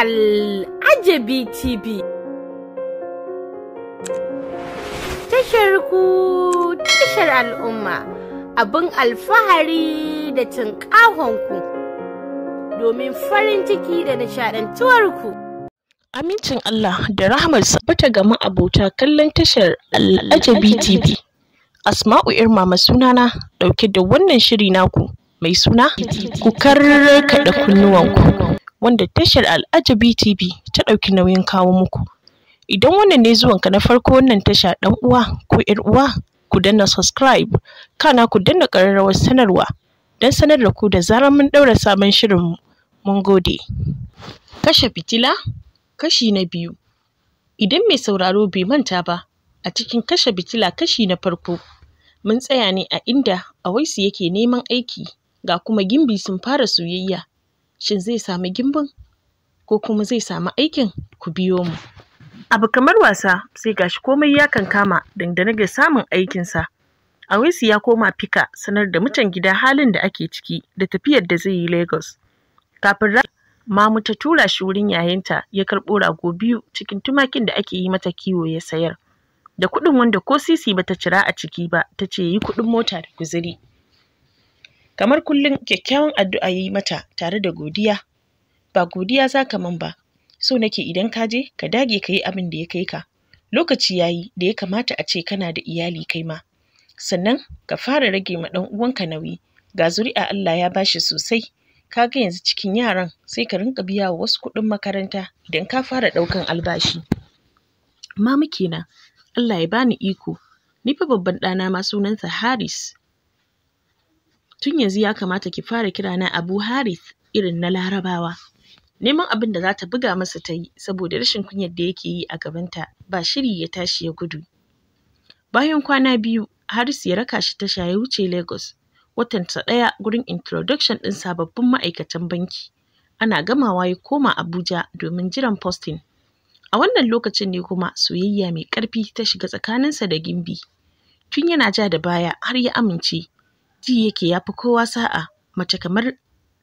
Al'ajabi TV. Tashar ku tashar al'umma abin alfahari da cin ku domin farin ciki da ku. Amincin Allah da rahmar bata gama abota kallon tashar Al'ajabi TV. Asma'u Irma sunana ɗauke da wannan shiri naku mai suna ku da kunnuwanku. wanda tashar Al'ajabi TV ta ɗauki nauyin kawo muku. Idan wannan ne zuwanka na farko wannan tasha ɗan uwa ko ‘yar uwa ku danna subscribe kana ku danna ƙararrawar sanarwa don sanar da ku da zarar mun ɗaura sabon shirin mun gode. Kashe fitila kashi na biyu. Idan mai sauraro bai manta ba a cikin kashe fitila kashi na farko mun tsaya ne a inda Awaisu yake neman aiki ga kuma Gimbi sun fara soyayya shin zai samu gimbin ko kuma zai samu aikin ku biyo mu abu kamar wasa sai gashi komai ya kankama dangane ga samun aikinsa Awisi ya koma fika sanar da mutan gida halin da ake ciki da tafiyar da zai yi Lagos. Kafin mu ta tura shi wurin yayinta ya karɓo rago biyu cikin tumakin da ake yi mata kiwo ya sayar. Da kuɗin wanda ko sisi bata cira a ciki ba ta ce yi kuɗin mota da guzuri. kamar kullum kyakkyawan addu'a yi mata tare da godiya ba godiya za ka man ba so nake idan ka je ka dage ka yi abin da ya kai ka lokaci ya yi da ya kamata a ce kana da iyali kai ma sannan ka fara rage ma ɗan uwanka nauyi ga zuri'a Allah ya bashi sosai ka ga yanzu cikin yaran sai ka rinka biya wa wasu kuɗin makaranta idan ka fara ɗaukan albashi mamu kenan Allah ya bani iko ni fa babban ɗana ma sunansa Haris tun yanzu ya kamata ki fara kira na Abu Harith irin na Larabawa. Neman abin da za ta buga masa ta yi saboda rashin kunyar da yake yi a gabanta ba shiri ya tashi ya gudu. Bayan kwana biyu, Haris ya raka shi tasha ya wuce Lagos. ta ɗaya gurin introduction ɗin sababbin ma'aikatan banki. Ana gamawa ya koma Abuja domin jiran posting. A wannan lokacin ne kuma soyayya mai ƙarfi ta shiga tsakaninsa da Gimbi. Tun yana ja da baya har ya amince ji yake ya fi kowa sa'a mace kamar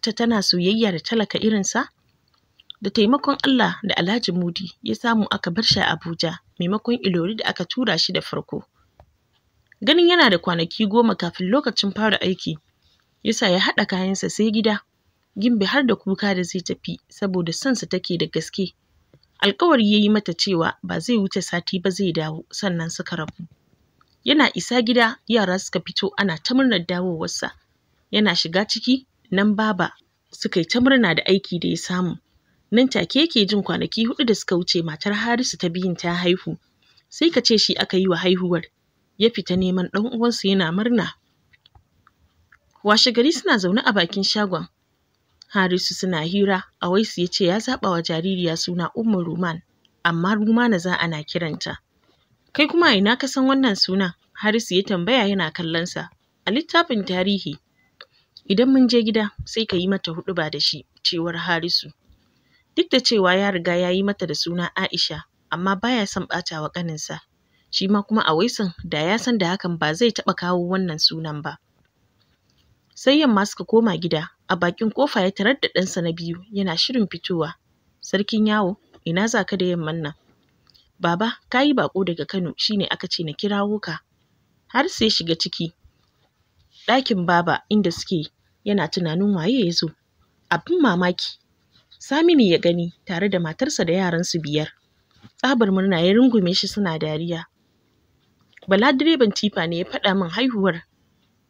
ta tana soyayya da talaka irinsa da taimakon Allah da Alhaji Mudi ya samu aka bar shi a Abuja maimakon Ilori da aka tura shi da farko ganin yana da kwanaki goma kafin lokacin fara aiki yasa ya haɗa kayansa sai gida gimbi har da kuka da zai tafi saboda sansa take da gaske alkawari ya yi mata cewa ba zai wuce sati ba zai dawo sannan suka rabu Yana isa gida yara suka fito ana ta murnar dawowarsa. Yana shiga ciki nan baba suka yi ta murna da aiki da ya samu. Nan take yake jin kwanaki hudu da suka wuce matar Harisu ta biyun ta haihu. Sai ka ce shi aka yi wa haihuwar. Ya fita neman ɗan uwansa yana murna. Washe gari suna zaune a bakin shagon. Harisu suna hira, a Awaisu ya ce ya zaɓa wa jaririya suna Umar Ruman, amma Rumana za ana kiranta. Kai kuma ina ka san wannan sunan? Harisu ya tambaya yana kallonsa. A littafin tarihi. Idan mun je gida sai ka yi mata huɗu da shi, cewar Harisu. Duk da cewa ya riga ya yi mata da suna Aisha, amma baya son ɓata wa ƙaninsa. Shi ma kuma a waisan da ya san da hakan ba zai taɓa kawo wannan sunan ba. Sai yamma suka koma gida, a bakin ƙofa ya tarar da ɗansa na biyu yana shirin fitowa. Sarkin yawo, ina za ka da yamman nan? Baba, ka yi baƙo daga Kano shine aka ce na kirawo ka. Har sai shiga ciki ɗakin baba inda suke yana tunanin waye ya zo. Abin mamaki, Saminu ya gani tare da matarsa da yaransu biyar. Tsabar murna ya rungume shi suna dariya. Bala direban tifa ne ya faɗa min haihuwar.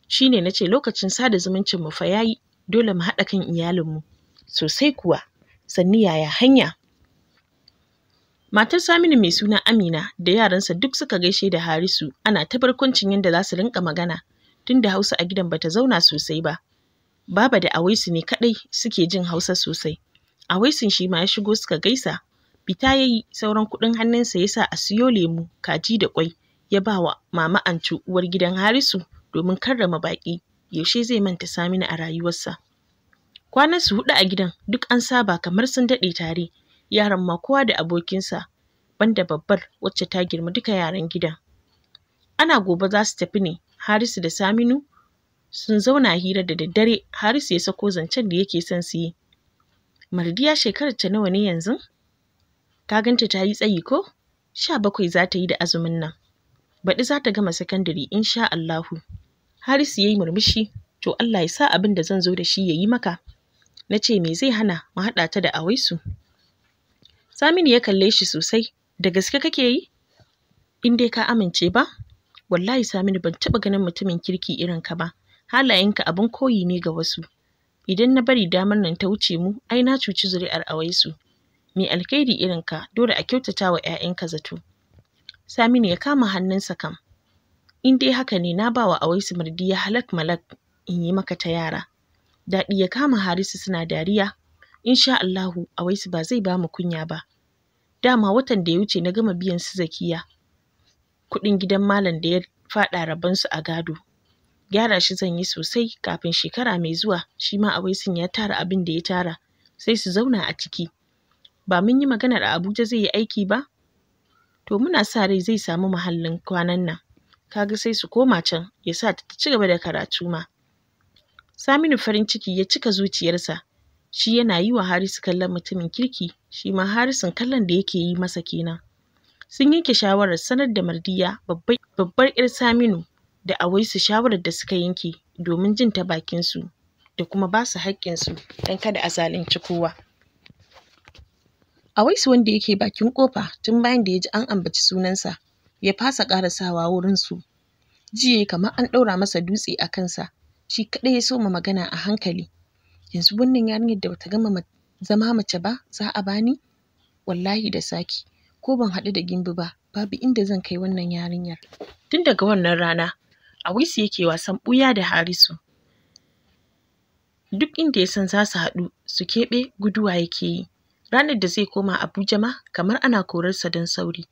Shi ne na ce lokacin sada zumuncin mu fa yayi dole mu haɗa kan iyalinmu. Sosai kuwa, sannu yaya hanya? Matar Saminu mai suna Amina da yaransa duk suka gaishe da Harisu ana ta barkwancin yadda za su rinka magana tun da Hausa a gidan bata zauna sosai ba. Baba da Awaisu ne kaɗai suke jin Hausa sosai. Awaisun shi ma ya shigo suka gaisa. Bita ya yi sauran kuɗin hannunsa ya sa a siyo lemu, kaji da ƙwai ya ba wa Mama Ancu uwar gidan Harisu domin karrama baƙi. Yaushe zai manta Saminu a rayuwarsa. Kwanan su huɗu a gidan duk an saba kamar sun daɗe tare. yaran ma kowa da abokinsa banda babbar wacce ta girma duka yaran gidan ana gobe za su tafi ne harisu da saminu sun zauna hira da daddare harisu ya sako zancen da yake son su yi mardiya shekarar ta nawa ne yanzu ka ganta ta yi tsayi ko sha bakwai za ta yi da azumin nan baɗi za ta gama sakandare insha Allahu harisu ya yi murmushi to Allah ya sa abin da zan zo da shi ya yi maka na ce me zai hana mu haɗa ta da awaisu Saminu ya kalle shi sosai. Da gaske kake yi? In dai ka amince ba? Wallahi Saminu ban taɓa ganin mutumin kirki irin ka ba. Halayenka abin koyi ne ga wasu. Idan na bari damar nan ta wuce mu, ai na cuci zuri'ar awaisu. Mai alkhairi irin ka, dole a kyautata wa 'ya'yanka zato. Saminu ya kama hannunsa kam. In dai haka ne na ba wa awaisu ya halak malak in yi maka ta yara. Daɗi ya kama Harisu suna dariya insha Allahu Awaisu ba zai ba mu kunya ba. Dama watan da ya wuce na gama biyan su zakiya kuɗin gidan malam da ya faɗa su a gado. Gyara shi zan yi sosai kafin shekara mai zuwa shi ma Awaisun ya tara abin da ya tara sai su zauna a ciki. Ba mun yi maganar a Abuja zai yi aiki ba? To muna sa rai zai samu muhallin kwanan nan. Kaga sai su koma can ya sa ta ci gaba da karatu ma. Saminu farin ciki ya cika zuciyarsa shi yana yi wa Harisu kallon mutumin kirki shi ma Harisun kallon da yake yi masa kenan. Sun yanke shawarar sanar da Mardiya babbar 'yar Saminu da Awaisu shawarar da suka yanke domin jin ta bakinsu da kuma ba su haƙƙinsu don kada a zalunci kowa. Awaisu wanda yake bakin ƙofa tun bayan da ya ji an ambaci sunansa ya fasa ƙarasawa wurinsu. Jiya kamar an ɗaura masa dutse a kansa shi kaɗai ya soma magana a hankali yanzu wannan yarinyar da bata gama zama mace ba za a bani wallahi da saki ko ban haɗu da gimbi ba babu inda zan kai wannan yarinyar tun daga wannan rana Awisu yake wasan ɓuya da Harisu duk inda ya san za su haɗu su keɓe guduwa yake yi ranar da zai koma Abuja ma kamar ana korarsa don sauri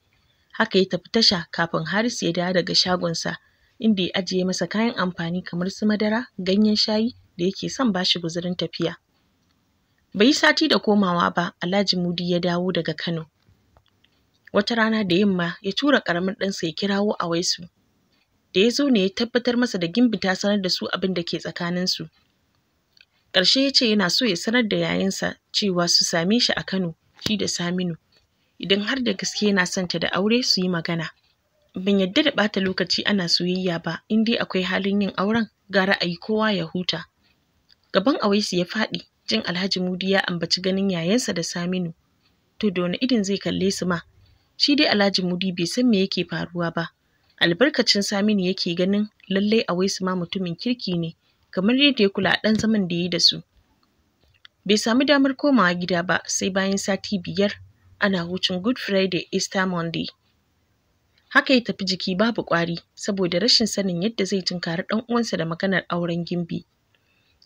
haka ya tafi tasha kafin Harisu ya dawo daga shagonsa inda ya ajiye masa kayan amfani kamar su madara ganyen shayi da yake son bashi guzurin tafiya bai yi sati da komawa ba alhaji mudi ya dawo daga kano wata rana da yamma ya tura karamin ɗansa ya kirawo a waisu da ya zo ne ya tabbatar masa da gimbi ta sanar da su abin da ke tsakaninsu ƙarshe ya ce yana so ya sanar da yayansa cewa su same shi a kano shi da saminu idan har da gaske yana son ta da aure su yi magana ban yadda da ɓata lokaci ana soyayya ba in dai akwai halin yin auren ga ra'ayi kowa ya huta Gaban Awaisu ya faɗi jin Alhaji Mudi ya ambaci ganin yayansa da Saminu. To da wani idin zai kalle su ma? Shi dai Alhaji Mudi bai san me yake faruwa ba. Albarkacin Saminu yake ganin lallai Awaisu ma mutumin kirki ne kamar yadda ya kula a ɗan zaman da ya yi da su. Bai samu damar komawa gida ba sai bayan sati biyar ana hutun Good Friday Easter Monday. Haka ya tafi jiki babu ƙwari saboda rashin sanin yadda zai tunkari ɗan uwansa da maganar auren Gimbi.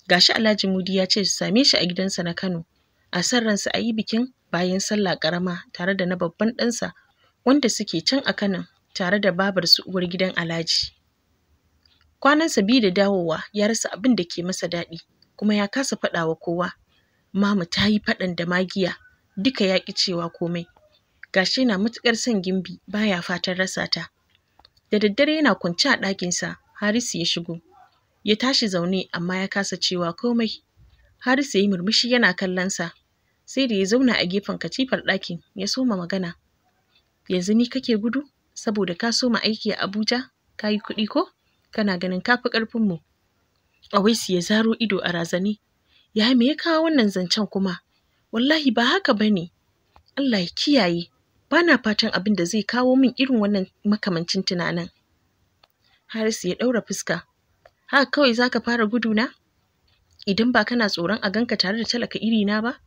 gashi Alhaji Mudi ya ce su same shi a gidansa na Kano a san ransa a yi bikin bayan sallah karama tare da na babban ɗansa wanda suke can a Kano tare da babar su uwar gidan Alhaji. Kwanansa biyu da dawowa ya rasa abin da ke masa daɗi kuma ya kasa faɗawa kowa. Mama ta yi faɗan da magiya duka ya ƙi cewa komai. Gashi na matuƙar son gimbi baya fatan rasa ta. Da daddare yana kwance a ɗakinsa Harisu ya shigo. ya tashi zaune amma ya kasa cewa komai harisu ya yi murmushi yana kallonsa sai da ya zauna a gefen katifar ɗakin ya soma magana yanzu ni kake gudu saboda ka soma aiki a abuja ka yi kuɗi ko kana ganin kafi fi ƙarfinmu awaisu ya zaro ido a razani. ya me ya kawo wannan zancen kuma wallahi ba haka ba ne allah ya kiyaye Bana fatan abin da zai kawo min irin wannan makamancin tunanin harisu ya ɗaura fuska haka kawai za ka fara guduna idan ba kana tsoron a ganka tare da talaka iri na ba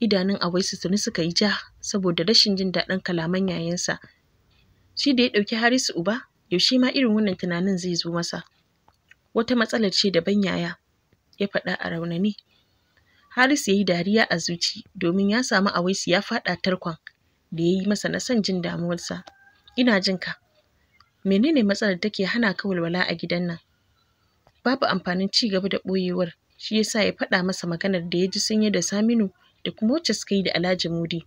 idanun awaisu tuni suka yi ja saboda rashin jin daɗin kalaman yayansa shi da ya ɗauki harisu uba yaushe ma irin wannan tunanin zai zo masa wata matsalar ce da ban yaya ya faɗa a raunani harisu ya yi dariya a zuci domin ya samu awaisu ya faɗa tarkon da ya yi masa na son jin damuwarsa ina jin ka menene matsalar take hana ka walwala a gidan nan babu amfanin ci gaba da ɓoyewar shi yasa ya faɗa masa maganar da ya ji sun da Saminu da kuma wacce suka yi da Alhaji Mudi.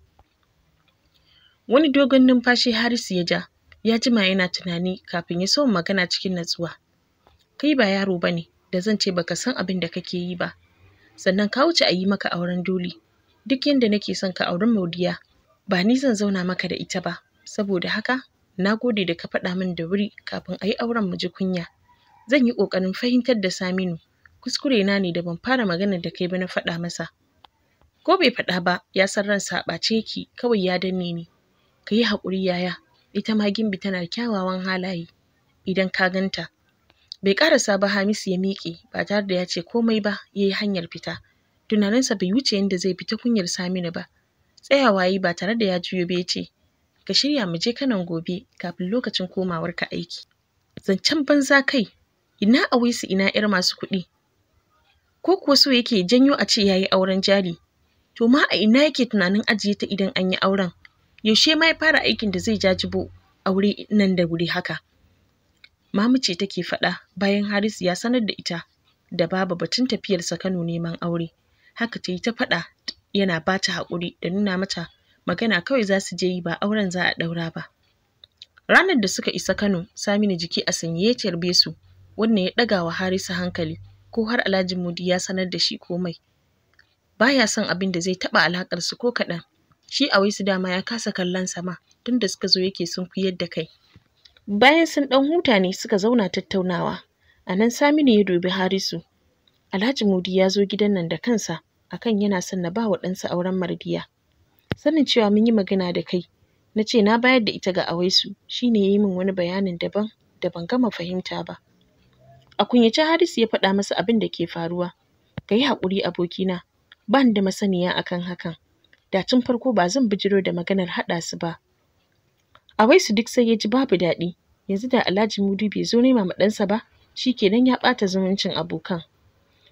Wani dogon numfashi Harisu ya ja, ya jima yana tunani kafin ya so magana cikin natsuwa. Kai ba yaro bane da zan ce baka san abin da kake yi ba. Sannan ka wuce a yi maka auren doli, Duk yadda nake son ka auren Maudiya, ba ni zan zauna maka da ita ba. Saboda haka, na gode da ka faɗa min da wuri kafin a yi auren mu ji kunya. zan yi ƙoƙarin fahimtar da Saminu kuskure na ne da ban fara maganar da kai ba na faɗa masa ko bai faɗa ba ya san ransa a ɓace yake kawai ya danne ni ka yi haƙuri yaya ita ma gimbi tana kyawawan halaye idan ka ganta bai ƙarasa ba Hamisu ya miƙe ba tare da ya ce komai ba ya yi hanyar fita tunaninsa bai wuce yadda zai fita kunyar Saminu ba tsayawa yi ba tare da ya juyo ba ya ce ka shirya mu je kanan gobe kafin lokacin komawarka aiki zancen banza kai ina a su ina ‘yar masu kuɗi ko kuwa so yake janyo a ce yayi auren jari to ma a ina yake tunanin ajiye ta idan an yi auren yaushe ma ya fara aikin da zai jajibo aure nan da wuri haka mamu ce take faɗa bayan harisu ya sanar da ita da baba batun tafiyarsa kano neman aure haka ta yi ta faɗa yana bata haƙuri da nuna mata magana kawai za su je yi ba auren za a ɗaura ba ranar da suka isa kano saminu jiki a sanye ya tarbe su wannan ya ɗaga wa Harisu hankali ko har Alhaji Mudi ya sanar da shi komai. Baya son abin da zai taɓa alaƙarsu ko kaɗan. Shi a waisu dama ya kasa kallon sama tun da suka zo yake sunkuyar da kai. Bayan sun ɗan huta ne suka zauna tattaunawa. A nan Saminu ya dubi Harisu. Alhaji Mudi ya zo gidan nan da kansa akan yana son na ba wa ɗansa auren mardiya. Sanin cewa mun yi magana da kai, na ce na bayar da ita ga Awaisu, shi ne ya yi min wani bayanin daban da ban gama fahimta ba. A kunyace Harisu ya faɗa masa abin da ke faruwa. Ka yi haƙuri abokina, ba ni da masaniya akan hakan. Da tun farko ba zan bijiro da maganar haɗa su ba. A waisu duk sai ya ji babu daɗi. Yanzu da Alhaji Mudu bai zo nema ma ɗansa ba, shi ke kenan ya ɓata zumuncin abokan.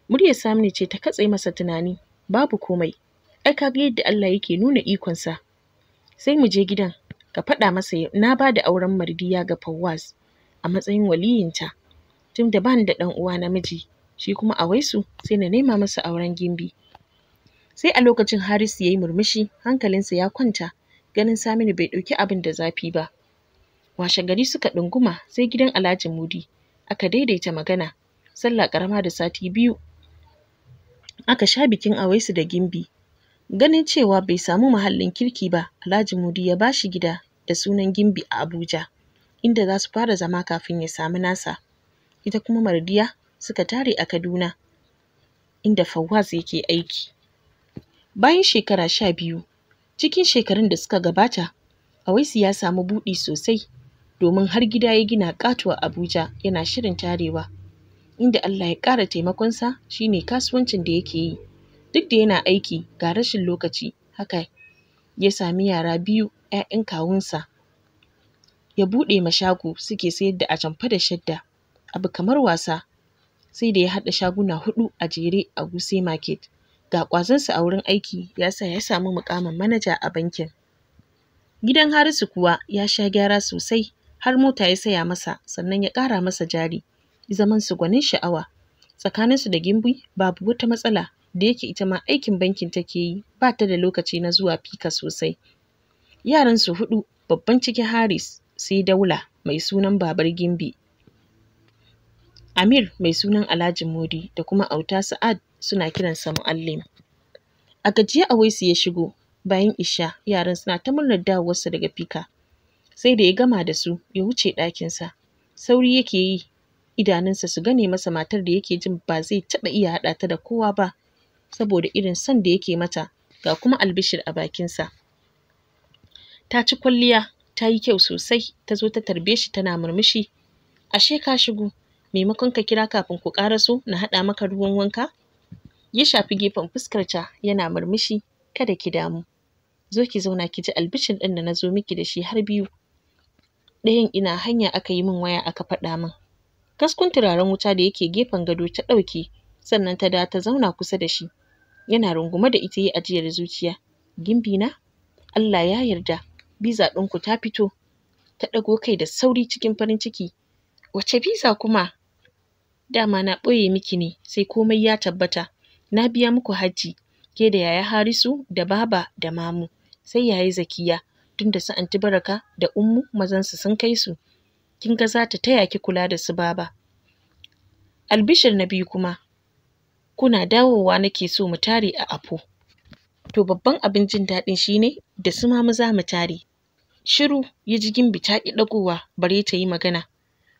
Muryar Saminu ce ta katse masa tunani, babu komai. Ai ka yadda Allah yake nuna ikonsa. Sai mu je gidan, ka faɗa masa na ba da auren mardiya ga Fawwaz a matsayin waliyinta. Tun da bani da ɗan uwa namiji shi kuma a waisu sai na nema masa auren gimbi sai a lokacin harisu ya yi murmushi hankalinsa ya kwanta ganin saminu bai ɗauki abin da zafi ba washe gari suka ɗunguma sai gidan alhaji mudi aka daidaita magana sallah ƙarama da sati biyu aka sha bikin a waisu da gimbi ganin cewa bai samu muhallin kirki ba alhaji mudi ya bashi gida da sunan gimbi a abuja inda za su fara zama kafin ya samu nasa ita kuma Mardiya suka tare a Kaduna inda Fawaz yake aiki. Bayan shekara sha biyu, cikin shekarun da suka gabata, Awaisu ya samu buɗi sosai domin har gida ya gina ƙato a Abuja yana shirin tarewa, inda Allah ya ƙara taimakonsa shine kasuwancin da yake yi. Duk da yana aiki ga rashin lokaci haka ya sami yara biyu 'ya'yan kawunsa ya buɗe ma shago suke sayar da a da shadda. abu kamar wasa sai da ya haɗa shaguna huɗu a jere a Wuse Market. Ga ƙwazonsa a wurin aiki ya sa ya samu muƙamin manaja a bankin. Gidan Harisu kuwa ya sha gyara sosai har mota ya saya masa sannan ya ƙara masa jari. Zaman su gwanin sha'awa. Tsakaninsu da Gimbi babu wata matsala da yake ita ma aikin bankin take yi ba ta da lokaci na zuwa fika sosai. Yaransu huɗu babban ciki Haris sai Daula mai sunan babar Gimbi Amir mai sunan Alhaji Mudi da kuma auta Sa'ad suna kiransa Muallim. A gajiye waisu ya shigo bayan Isha yaran suna ta murnar dawowarsa daga fika. Sai da ya gama da su ya wuce ɗakinsa. Sauri yake yi idanunsa su gane masa matar da yake jin ba zai taɓa iya haɗa ta da kowa ba saboda irin son da yake mata ga kuma albishir a bakinsa. Ta ci kwalliya ta yi kyau sosai ta zo ta tarbe shi tana murmushi. Ashe ka shigo maimakon ka kira kafin ku su na haɗa maka ruwan wanka ya shafi gefen fuskarta yana murmushi kada ki damu zo ki zauna ki ji albishin ɗin da na zo miki da shi har biyu ɗayan ina hanya aka yi min waya aka faɗa min kaskun turaren wuta da yake gefen gado ta ɗauke sannan ta da ta zauna kusa da shi yana rungume da ita yi ajiyar zuciya gimbi na Allah ya yarda biza ku ta fito ta ɗago kai da sauri cikin farin ciki wace biza kuma dama na ɓoye miki ne sai komai ya tabbata na biya muku hajji ke da yaya harisu da baba da mamu sai yaya zakiya tun da su anti baraka da ummu mazansu sun kai su kin ga zata ta taya ki kula da su baba albishir na biyu kuma kuna dawowa nake so mu tare a afo to babban abin jin daɗin shine da su mamu za mu tare shiru ya ji gimbi ta ƙi ɗagowa bare ta yi magana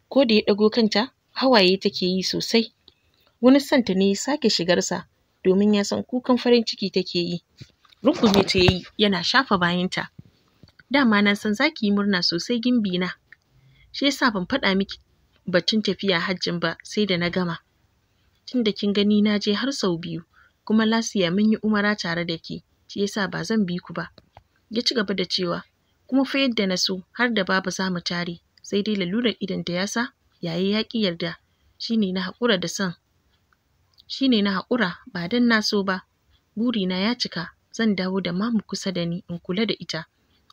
ko da ya ɗago kanta hawaye take yi sosai wani santa ne ya sake shigarsa domin ya san kukan farin ciki take yi rungume ta yayi yana shafa bayanta dama na san za ki yi murna sosai gimbi na shi yasa ban faɗa miki batun tafiya hajjin ba sai da na gama tunda kin gani na je har sau biyu kuma lasiya mun yi umara tare da ke shi yasa ba zan bi ku ba ya ci gaba da cewa kuma fa yadda na so har da babu za mu tare sai dai lalurar idan ta yasa yayi ya yarda shine na haƙura da son shine na haƙura ba dan na so ba burina ya cika zan dawo da mamu kusa da ni in kula da ita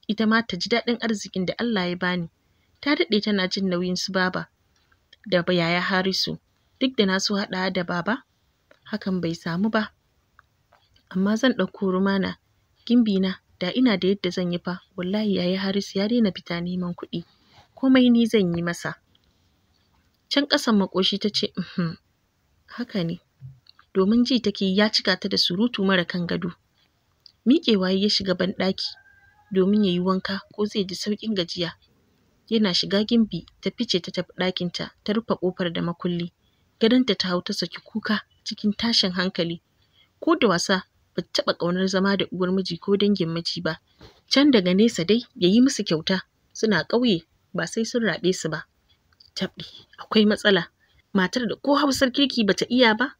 ita ma ta ji daɗin arzikin da Allah ya bani ta daɗe tana jin nauyin su baba da yaya Harisu duk da na so haɗa da baba hakan bai samu ba amma zan ɗauko rumana gimbina da ina da yadda zan yi fa wallahi yayi Harisu ya daina fita neman kuɗi komai ni zan yi masa Can ƙasan makoshi ta ce, uhm, haka ne, domin ji take ya cika ta da surutu mara kan gado. Miƙewa ya shiga banɗaki domin ya yi wanka ko zai ji sauƙin gajiya. Yana shiga gimbi ta fice ta tafi ɗakinta ta rufe ƙofar da makulli. Gadonta ta hau ta saki kuka cikin tashin hankali. Ko da wasa ba taɓa ƙaunar zama da uwar miji ko dangin miji ba. Can daga nesa dai ya yi musu kyauta suna ƙauye ba sai sun raɓe su ba. taɓi akwai matsala matar da ko hausar kirki bata iya ba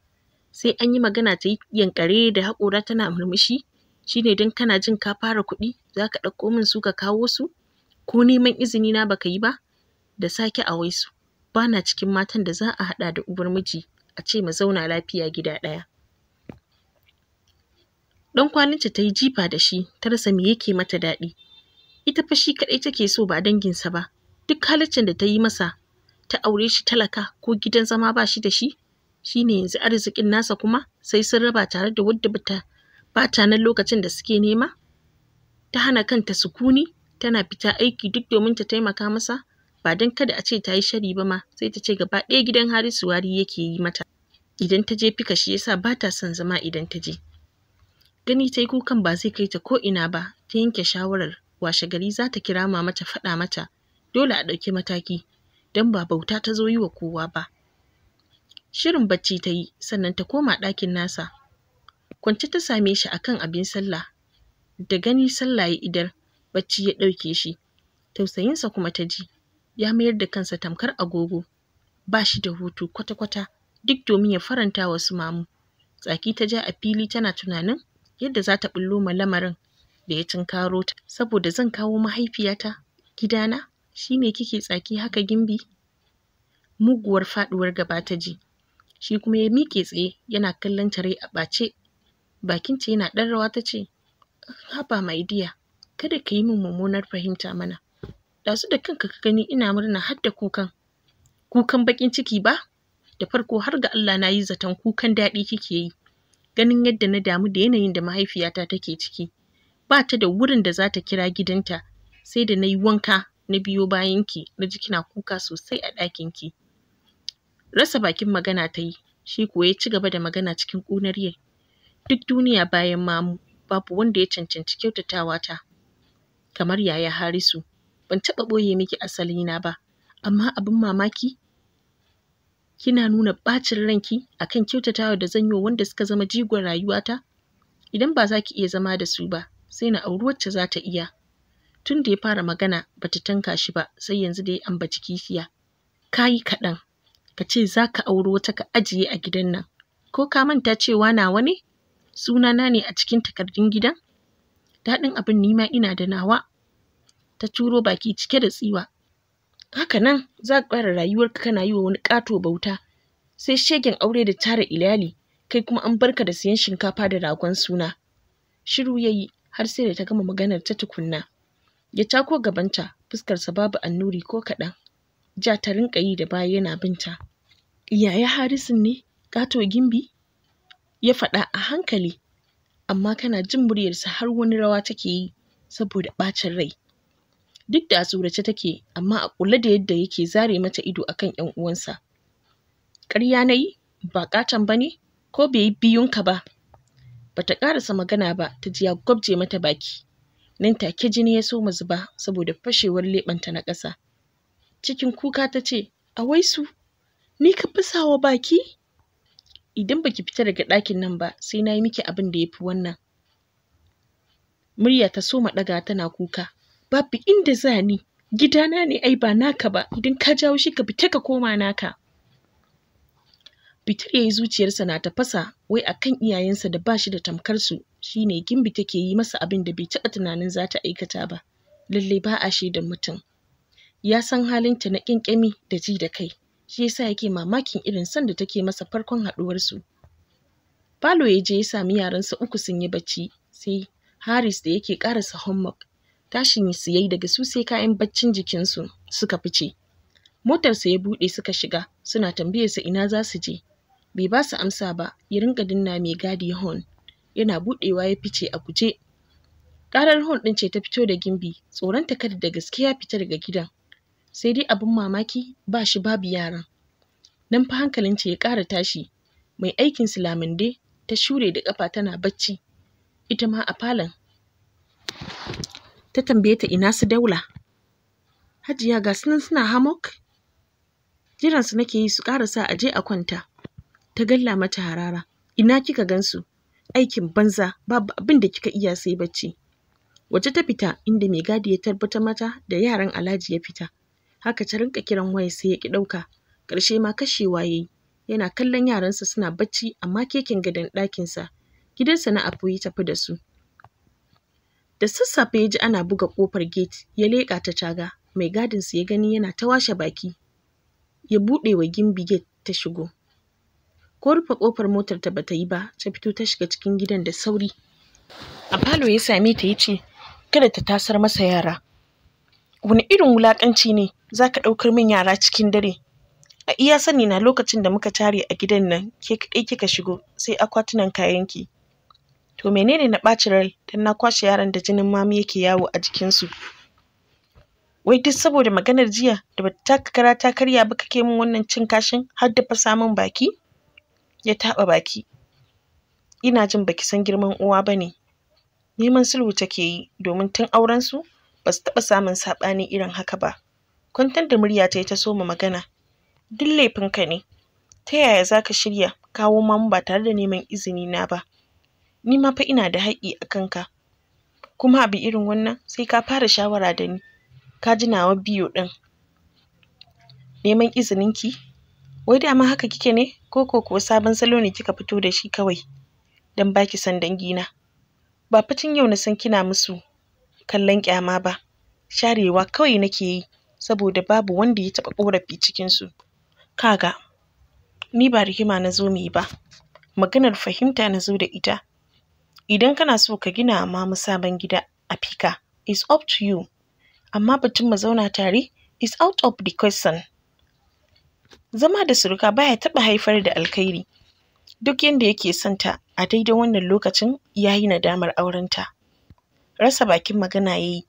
sai an yi magana ta yi yankare da haƙora tana murmushi shine don kana jin ka fara kuɗi za ka ɗauko min su ka kawo su ko neman izini na baka yi ba da sake a waisu ba na cikin matan da za a haɗa da ubar miji a ce mu zauna lafiya gida ɗaya ɗan kwalinta ta yi jifa da shi ta rasa me yake mata daɗi ita fa shi kaɗai take so ba danginsa ba duk halaccin da ta yi masa ta aure shi talaka ko gidan zama ba shi da shi shine yanzu arzikin nasa kuma sai sun raba tare da wadda bata bata nan lokacin da suke nema ta hana kanta sukuni tana fita aiki duk domin ta taimaka masa ba don kada a ce ta yi shari ba ma sai ta ce gaba ɗaya gidan harisu wari yake yi mata idan ta je fika shi yasa ba ta son zama idan ta je gani ta yi kukan ba zai kai ta ko ina ba ta yanke shawarar washe gari za ta kira mama ta faɗa mata dole a ɗauki mataki don ba bauta ta zo yi wa kowa ba. Shirin bacci ta yi sannan ta koma ɗakin nasa. Kwance ta same shi akan abin sallah. Da gani sallah ya idar bacci ya ɗauke shi. Tausayinsa kuma ta ji. Ya mayar da kansa tamkar agogo. Ba shi da hutu kwata-kwata duk domin ya faranta wa su mamu. Tsaki ta ja a fili tana tunanin yadda za ta ɓullo ma lamarin da ya cinkaro ta saboda zan kawo mahaifiyata gidana shi ne kike tsaki haka gimbi muguwar faduwar gaba ta ji shi kuma ya miƙe tsaye yana kallon tare rai a ɓace ce yana ɗan rawa ta ce haba mai diya kada ka yi min mummunar fahimta mana su da kanka ka gani ina murna har da kukan kukan baƙin ciki ba da farko har ga Allah na yi zaton kukan daɗi kike yi ganin yadda na damu da yanayin da mahaifiyata take ciki Bata da wurin da za ta kira gidanta sai da na yi wanka na biyo bayan ki na ji kina kuka sosai a ɗakin ki rasa bakin magana ta yi shi kuwa ya ci gaba da magana cikin ƙunar yai duk duniya bayan mamu babu wanda ya cancanci kyautatawa ta kamar yaya harisu ban taɓa ɓoye miki asali na ba amma abin mamaki kina nuna ɓacin ranki akan kyautatawa da zan yi wa wanda suka zama jigon rayuwata idan ba za ki iya zama da su ba sai na auri wacce za ta iya tun da ya fara magana bata tanka shi ba sai yanzu da ya ambaci kifiya kayi kaɗan ka ce za ka auro wata ka ajiye a gidan nan ko ka manta cewa nawa ne sunana ne a cikin takardun gidan daɗin abin ma ina da nawa ta turo baki cike da tsiwa haka nan za ka ƙara rayuwarka kana yi wa wani ƙato bauta sai shegen aure da tara iyali kai kuma an barka da siyan shinkafa da ragon suna shiru ya yi har sai da ta gama maganar ta tukunna ya cako gabanta fuskarsa babu annuri ko kaɗan ja ta rinka yi da baya yana binta yaya harisun ne ƙato gimbi ya faɗa a hankali amma kana jin muryarsa har wani rawa take yi saboda ɓacin rai duk da a tsorace take amma a kula da yadda yake zare mata ido akan yan uwansa ƙarya na yi ba ƙaton ba ne ko bai yi biyunka ba bata ƙarasa magana ba ta ji ya gwabje mata baki nan take jini ya so mu zuba saboda fashewar ta na ƙasa cikin kuka ta ce a waisu ni ka fi sawa baki idan baki fita daga ɗakin nan ba sai na yi miki abin da ya fi wannan murya ta soma ɗaga tana kuka babu inda za ni gidana ne ai ba naka ba idan ka jawo shi ka fita ka koma naka Bitar ya yi zuciyarsa na tafasa wai akan kan iyayensa da ba shi da tamkarsu shine gimbi take yi masa abin da bai taɓa tunanin za ta aikata ba lallai ba a shaidan mutum ya san halinta na ƙinƙyami da ji da kai shi yasa yake mamakin irin son da take masa farkon haɗuwarsu falo ya je ya sami yaransa uku sun yi bacci sai haris da yake ƙarasa homework tashin su yayi daga su sai kayan baccin jikinsu suka fice motarsa ya buɗe suka shiga suna tambayarsa ina za su je bai ba su amsa ba ya rinka dinna mai gadi horn yana buɗewa ya fice a guje ƙarar hon ɗin ce ta fito da gimbi tsoron ta kada da gaske ya fita daga gidan sai dai abin mamaki ba shi babu yaran nan fa hankalin ce ya ƙara tashi mai aikin silamande ta shure da ƙafa tana bacci ita ma a falon ta tambaye ta ina su daula hajiya ga su nan suna hamok jiransu nake yi su ƙarasa a je a kwanta ta galla mata harara ina kika gansu aikin banza babu abin da kika iya sai bacci waje ta fita inda mai gadi ya tabbatar mata da yaran alhaji ya fita haka ta rinka kiran waya sai ya ki ɗauka ƙarshe ma kashewa yayi yana kallon yaransa suna bacci amma keken gadon ɗakinsa gidansa na abu ya tafi da su da sassafe ya ji ana buga ƙofar gate ya leƙa ta caga, mai gadinsa ya gani yana ta washe baki ya buɗe wa gimbi gate ta shigo ko rufe ƙofar motar ta bata yi ba ta fito ta shiga cikin gidan da sauri a falo ya same ta yi ce kada ta tasar masa yara wani irin wulaƙanci ne za ka ɗaukar min yara cikin dare a iya sani na lokacin da muka tare a gidan nan ke kaɗai kika shigo sai akwatunan kayanki to menene na ɓaci rai don na kwashe yaran da jinin mami yake yawo a jikinsu wai duk saboda maganar jiya da bata taka kara ta karya ba kake min wannan cin kashin har da fa samun baki ya taɓa baki ina jin baki san girman uwa ba ne neman sulhu take yi domin tun aurensu ba su taɓa samun saɓani irin haka ba kwantar da murya ta yi ta soma magana duk ka ne ta yaya za ka shirya kawo mamu ba tare da neman izini na ba ni ma fa ina da haƙƙi a kanka kuma abu irin wannan sai ka fara shawara da ni ka ji nawa biyu ɗin neman izinin ki? wai dama haka kike ne ko ko kuwa sabon salo ne kika fito da shi kawai don baki son na? ba facin yau na san kina musu kallon kyama ba sharewa kawai nake yi saboda babu wanda ya taɓa ƙorafi cikinsu kaga ni ba rigima na zo mu yi ba maganar fahimta na zo da ita idan kana so ka gina ma mu sabon gida a fika It's up to you amma batun mu zauna tare It's out of the question zama da suruka baya taɓa haifar da alkhairi duk yadda yake son ta a daidai wannan lokacin ya yi nadamar aurenta rasa bakin magana ya yi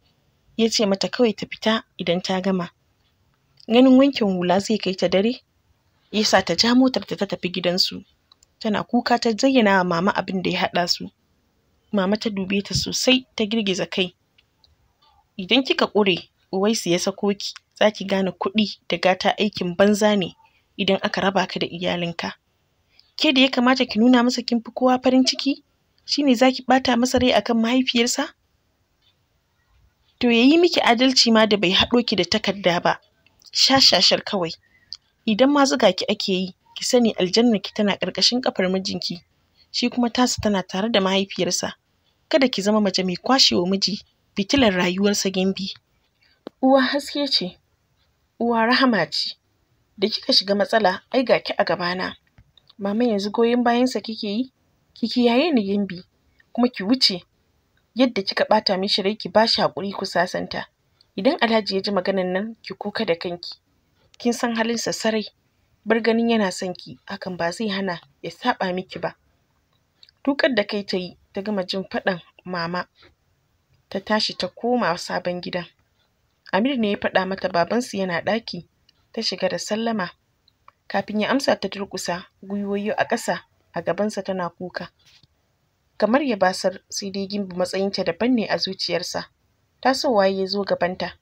ya ce mata kawai ta fita idan ta gama ganin wankin hula zai kai ta dare ya sa ta ja motar ta tafi gidansu tana kuka ta zayyana wa mama abin da ya haɗa su mama ta dube ta sosai ta girgiza kai idan kika ƙure uwaisu ya sako ki za ki gane kuɗi da gata aikin banza ne idan aka raba ka da iyalinka ke da ya kamata ki nuna masa kin fi kowa farin ciki Shi za zaki ɓata masa rai akan mahaifiyarsa to ya yi miki adalci ma da bai haɗo ki da takarda ba shashashar kawai idan ma zuga ki ake yi ki sani aljanna ki tana ƙarƙashin ƙafar mijinki shi kuma tasa tana tare da mahaifiyarsa kada ki zama mace mai kwashe wa miji fitilar rayuwarsa gimbi uwa haske ce uwa rahama ce da kika shiga matsala ai ga ki a gabana Maman yanzu goyon bayansa kike yi kiki yaye ni gimbi kuma ki wuce yadda kika bata mishi rai ki bashi hakuri ku sasanta idan alhaji ya ji maganan nan ki kuka da kanki kin san halinsa sarai bar ganin yana son ki hakan ba zai hana ya saba miki ba dukar da kai ta yi ta gama jin faɗan mama ta tashi ta koma sabon gidan Amir ne ya faɗa mata babansu yana ɗaki ta shiga da sallama kafin ya amsa ta durƙusa gwiwoyi a ƙasa a gabansa tana kuka kamar ya basar sai dai gimbi matsayinta daban ne a zuciyarsa Ta so tasowa ya zo gabanta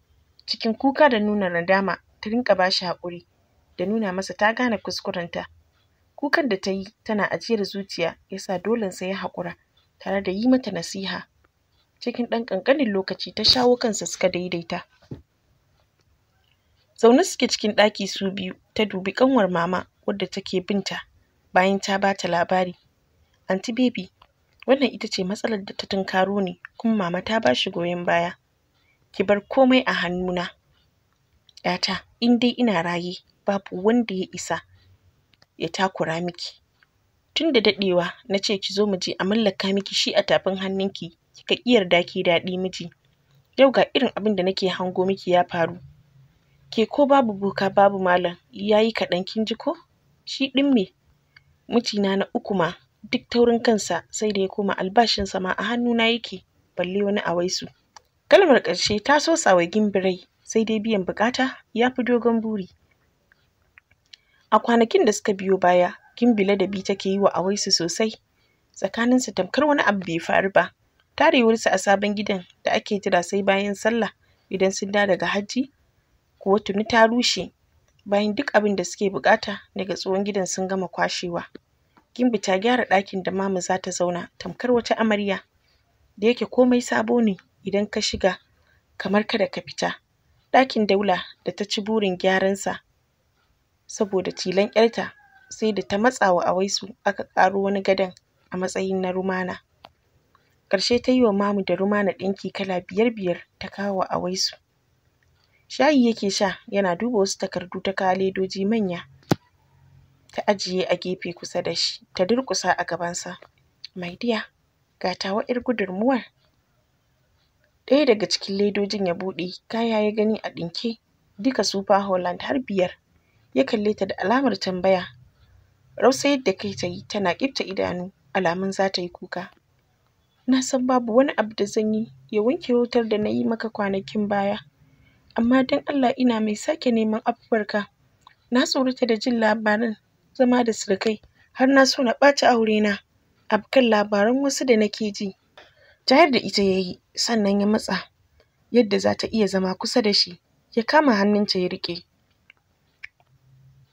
cikin kuka da nuna nadama ta rinƙa ba shi haƙuri da nuna masa ta gane kuskurenta kukan da ta yi tana ajiyar zuciya ya sa dolensa ya haƙura tare da yi mata nasiha cikin ɗan ƙanƙanin lokaci ta shawo kansa suka daidaita zaune suke cikin ɗaki su biyu ta dubi ƙanwar mama wadda take binta bayan ta bata labari anti baby wannan ita ce matsalar da ta tunkaro ni kuma mama ta bashi goyon baya ki bar komai a hannuna Yata, in dai ina raye babu wanda ya isa ya takura miki tun da daɗewa na ce ki zo muje a mallaka miki shi a tafin hannunki kika ƙi yarda daɗi miji yau ga irin abin da nake hango miki ya faru Ke ko babu boka babu malam yayi kaɗan kin ji ko? Shi ɗin me? Mijina na uku ma duk taurin kansa sai da ya koma albashinsa ma a hannuna yake balle wani a waisu. Kalmar ƙarshe ta so tsawagin birai sai dai biyan bukata ya fi dogon buri. A kwanakin da suka biyo baya, Gimbila da bi take yi wa awaisu sosai, tsakaninsu tamkar wani abu bai faru ba. Tarewarsu a sabon gidan da ake jira sai bayan sallah idan sun da daga hajji kuwa tuni ta rushe bayan duk abin da suke buƙata daga tsohon gidan sun gama kwashewa. Gimbi ta gyara ɗakin da mamu za ta zauna tamkar wata amarya da yake komai sabo ne idan ka shiga kamar kada ka fita. Ɗakin Daula da ta ci burin gyaran sa saboda tilan ƴarta, sai da ta matsa wa Awaisu aka ƙaro wani gadon a matsayin na rumana. Ƙarshe ta yi wa Mamu da rumana ɗinki kala biyar-biyar ta kawo wa Awaisu. shayi yake sha yana duba wasu takardu ta kawo ledoji manya ta ajiye a gefe kusa da shi ta durƙusa a gabansa Mai diya ga tawa ƴar gudunmuwar ɗaya daga cikin ledojin ya buɗe kaya ya gani a ɗinke duka super holland har biyar ya kalle ta da alamar tambaya rausayar da kai ta yi tana ƙifta idanu alamun za ta yi kuka na san babu wani abu da zan yi ya wanke wutar da na yi maka kwanakin baya amma don Allah ina mai sake neman afuwarka. Na tsorata da jin labaran zama da surukai har na so na ɓaci aurena a kan labaran wasu da nake ji. Jayar da ita ya yi sannan ya matsa yadda za ta iya zama kusa da shi ya kama hannunta ya riƙe.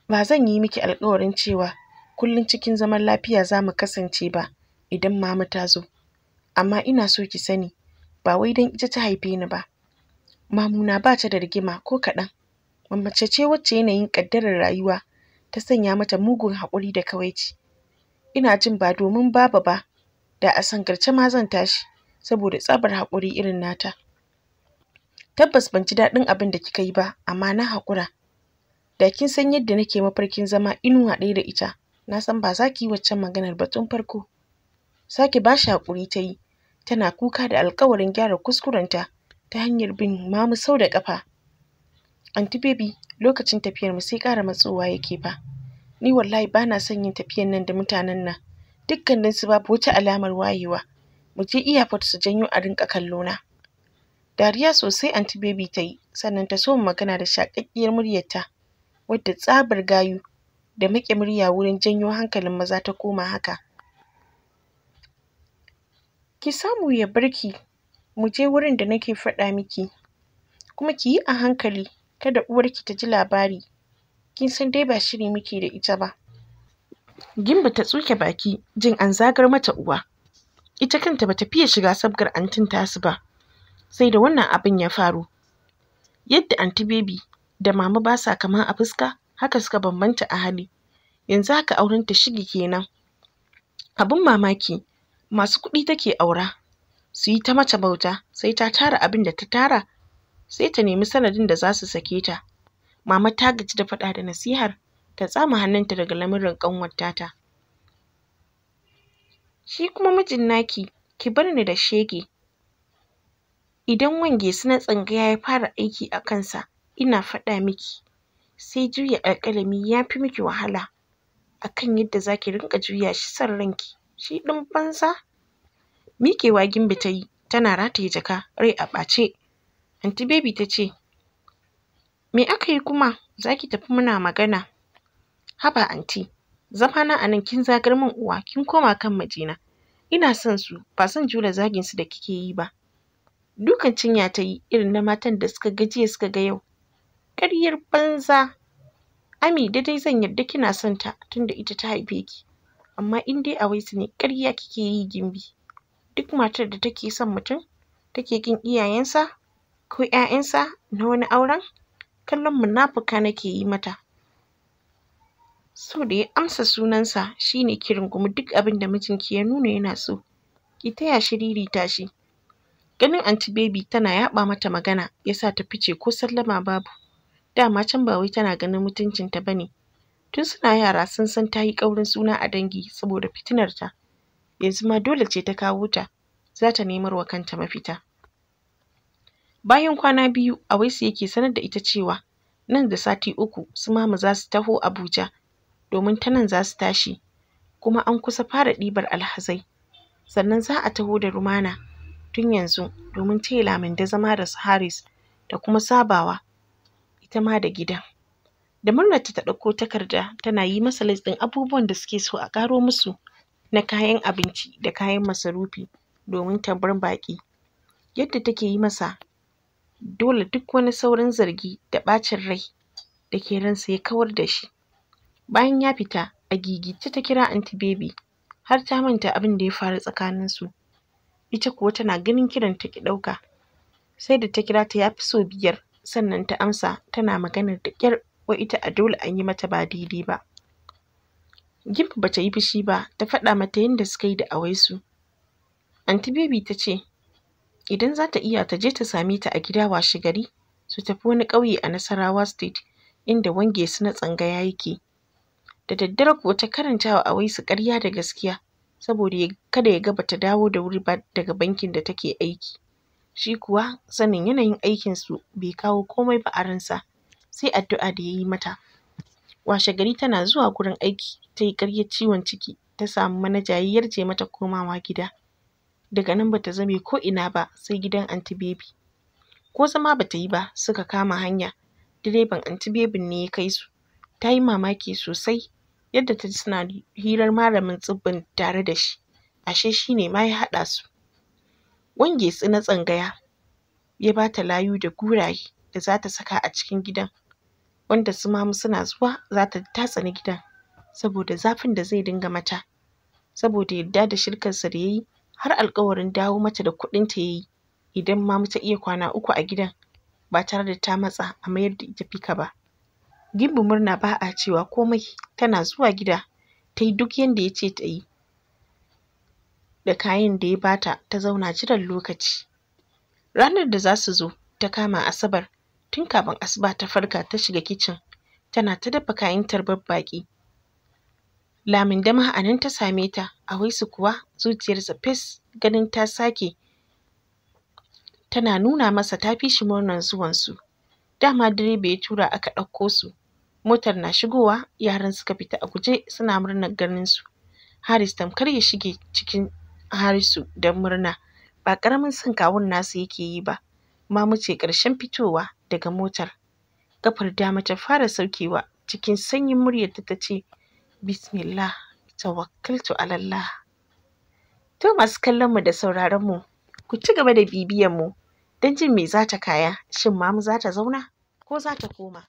Ba zan yi miki alƙawarin cewa kullum cikin zaman lafiya za mu kasance ba idan mama ta zo, amma ina so ki sani ba wai don ita ta haife ni ba. Mamuna ba ta da rigima ko kaɗan. Mamace ce wacce yanayin ƙaddarar rayuwa ta sanya mata mugun haƙuri da kawaici. Ina jin ba domin Baba ba, da a sangarce ma zan tashi, saboda tsabar haƙuri irin nata. Tabbas ban ji daɗin abin da kika yi ba, amma na haƙura. Da kin san yadda nake mafarkin zama inuwa ɗaya da ita, na san ba za ki yi waccan maganar ba tun farko. Sake ba shi haƙuri ta yi, tana kuka da alƙawarin gyara kuskurenta ta hanyar bin mamu sau da ƙafa. Anti baby lokacin tafiyar mu sai ƙara matsowa yake fa. Ni wallahi ba na son yin tafiyar nan da mutanen nan. Dukkanin su babu wata alamar wayewa. Mu je iyafot su janyo a rinƙa kallo na. Dariya sosai anti baby ta yi sannan ta so magana da shaƙaƙƙiyar muryarta wadda tsabar gayu da maƙe murya wurin janyo hankalin maza ta koma haka. Ki samu ya barki. mu je wurin da nake faɗa miki kuma ki yi a hankali kada uwarki ta ji labari kin san dai ba shiri muke da ita ba Gimba ta tsuke baki jin an zagar mata uwa ita kanta bata fiye shiga sabgar antin tasu ba sai da wannan abin ya faru yadda anti baby da mama ba sa kama a fuska haka suka bambanta a hali yanzu haka auren ta shigi kenan abin mamaki masu kuɗi take aura su yi ta mata bauta sai ta tara abin da ta tara sai ta nemi sanadin da za su sake ta mama ta gaji da faɗa da nasihar ta tsama hannunta daga lamurin ƙanwar tata shi kuma mijin naki ki bar ni da shege idan wange su na tsangaya ya fara aiki a kansa ina faɗa miki sai juya alƙalami ya fi miki wahala akan yadda za ki rinƙa juya shi son ranki shi ɗin banza miƙewa Gimbi ta yi tana rataye jaka rai a ɓace. anti Baby ta ce, Me aka yi kuma za ki tafi muna magana? Haba anti, zama na a kin zagar min uwa kin koma kan majina? Ina son su ba son jure zagin su da kike yi ba. Dukan cinya ta yi irin na matan da suka gajiya suka ga yau. Ƙaryar banza. Ami da dai zan yarda kina son ta tunda ita ta haife ki. Amma in dai a waisu ne ƙarya kike yi Gimbi. duk matar da take son mutum take ƙin iyayensa ko ‘ya'yansa na wani auren kallon munafuka nake yi mata so da ya amsa sunansa shine kiran rungumi duk abin da mijinki ya nuna yana so ki taya shi ririta shi ganin anti baby tana yaɓa mata magana yasa ta fice ko sallama babu dama can ba wai tana ganin mutuncinta ba ne, tun suna yara sun san ta yi ƙaurin suna a dangi saboda fitinarta yanzu ma dole ce ta kawo ta za ta nemar wa kanta mafita bayan kwana biyu Awaisu yake sanar da ita cewa nan da sati uku su mama za su taho Abuja domin ta nan za su tashi kuma an kusa fara ɗibar alhazai sannan za a taho da rumana tun yanzu domin taya lamin da zama da su Haris da kuma sabawa ita ma da gidan. Da murnar ta ɗauko takarda tana yi masa list ɗin abubuwan da suke so a ƙaro musu na kayan abinci da kayan masarufi domin ta bar baƙi. Yadda take yi masa dole duk wani saurin zargi da ɓacin rai da ke ransa ya kawar da shi. Bayan ya fita a gigice ta kira anti Baby har ta manta abin da ya faru tsakaninsu. Ita kuwa tana ganin kiran ta ki ɗauka. Sai da ta kira ta ya fi sau biyar sannan ta amsa tana maganar da ƙyar wai ita a dole an yi mata ba daidai ba. Gimp bata yi fushi ba, ta faɗa mata yadda suka yi da awaisu. Anti Baby ta ce, idan za ta iya ta je ta same ta a gida washe gari su tafi wani ƙauye a Nasarawa State inda wange su na tsangaya yake. Da daddare kuwa ta karanta wa Awaisu ƙarya da gaskiya saboda kada ya ga ta dawo da wuri ba daga bankin da take aiki. Shi kuwa sanin yanayin aikinsu bai kawo komai ba a ransa sai addu'a da ya yi mata. Washe gari tana zuwa gurin aiki ta yi ƙarya ciwon ciki ta samu manaja ya yarje mata komawa gida. Daga nan ba ta zame ko ina ba sai gidan Anti Baby. Ko zama ba ta yi ba suka kama hanya. Direban Anti Baby ne ya kai su. Ta yi mamaki sosai yadda ta ji suna hirar malamin tsibbin tare da shi. Ashe shi ne ma ya haɗa su. Wange Wangetsi na tsangaya ya ba ta layu da guraye da za ta saka a cikin gidan wanda su mamu suna zuwa za ta tatsani gidan saboda zafin da zai dinga mata saboda yarda da shirkarsa da ya yi har alƙawarin dawo mata da kuɗin ta ya yi idan mamu ta iya kwana uku a gidan ba tare da ta matsa a mayar da ita fika ba. Gimbi murna ba a cewa komai tana zuwa gida ta yi duk yadda ya ce ta yi da kayan da ya bata ta zauna jiran lokaci. Ranar da za su zo ta kama Asabar tun kafin asuba ta farka ta shiga kicin tana ta dafa kayan tarbar baƙi lamin dama a nan ta same ta a waisu kuwa zuciyar fes ganin ta sake tana nuna masa ta fi shi murnar zuwansu dama direba ya tura aka ɗauko su motar na shigowa yaran suka fita a guje suna murnar ganin su Haris tamkar ya shige cikin Harisu don murna ba ƙaramin son kawun nasu yake yi ba mu ce ƙarshen fitowa daga motar. Kafar dama ta fara saukewa cikin sanyin muryarta ta ce, Bismillah, tawakkaltu alallah. To masu kallon mu da sauraron mu, ku ci gaba da bibiyan mu don jin me za ta kaya, shin mamu za ta zauna ko za ta koma?